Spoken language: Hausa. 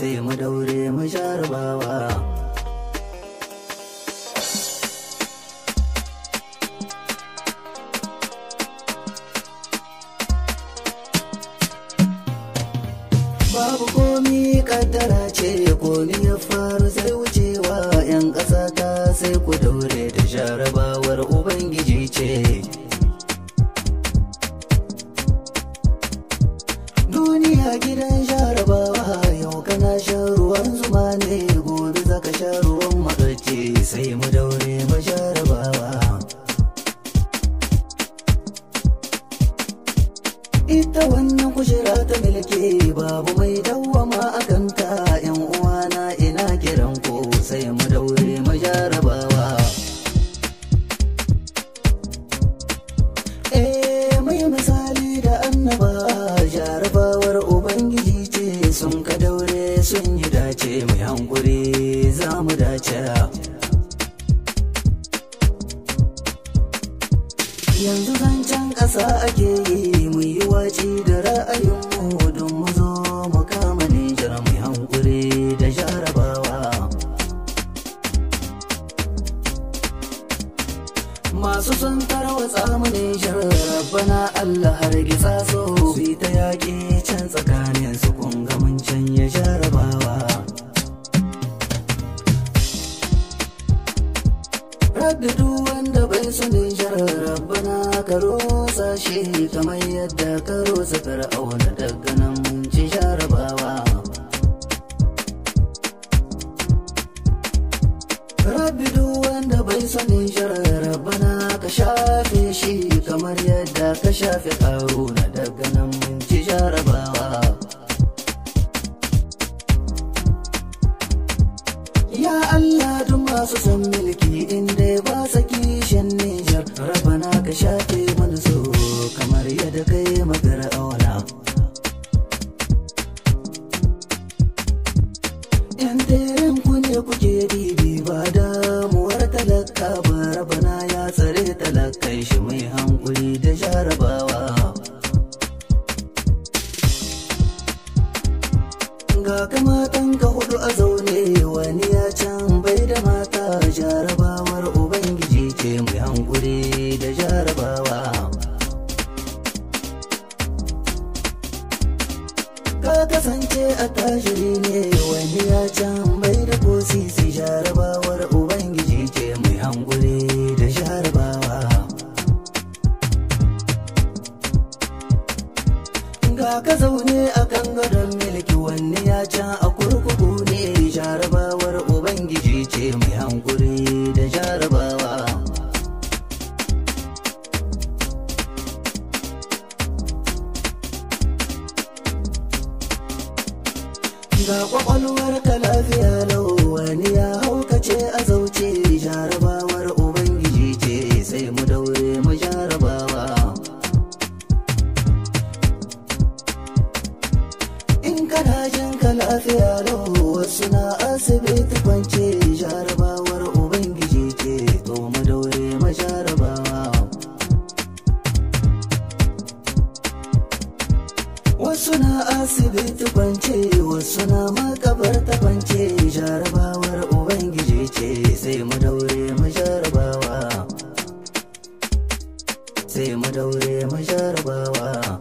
sai mu daure mu jarabawa babu komi kaddara ce komi ya faru sai wucewa yan ƙasa ta sai ku daure da jarabawar ubangiji ce duniya gidan sai mu daure mu jarabawa ita wannan kujera ta milke babu mai dauwama a kanta yan uwana ina kiran ko sai mu daure mu jarabawa eh mai misali da annaba jarabawa yanzu zancen ƙasa ake yi mu yi waci da ra'ayinmu don mu zo mu kama nijar mu hankuri da jarabawa masu son tarwatsa mu nijar rabbana allah har gisa so su ta yaƙi can tsakaninsu rabbi wanda bai sani jarar rabbana ka rosa shi kamar yadda ka rosa fir'auna daga nan mun ci jarabawa rabbi wanda bai sani jarar rabbana ka shafe shi kamar yadda ka shafe ƙaruna kaba bana ya tsare talakan shi mai hankuri da jarabawa ga kama ka hudu a zaune wani ya can bai da mata jarabawar ubangiji ce mai hankuri da jarabawa ka kasance a tashiri ne wani ya can bai da ko sisi jarabawa Sanni ya ca a kurkuku ne jarabawar Ubangiji ce mai hankuri da jarabawa. Ga kwakwalwar ka lafiya lau wani ya haukace a zauce jarabawar Ubangiji ce sai mu daure. lafiya lau wasu na asibiti kwance jarabawar ubangiji ce to madaure majarabawa wasu na asibiti kwance wasu na makabarta kwance jarabawar ubangiji ce sai madaure majarabawa sai madaure majarabawa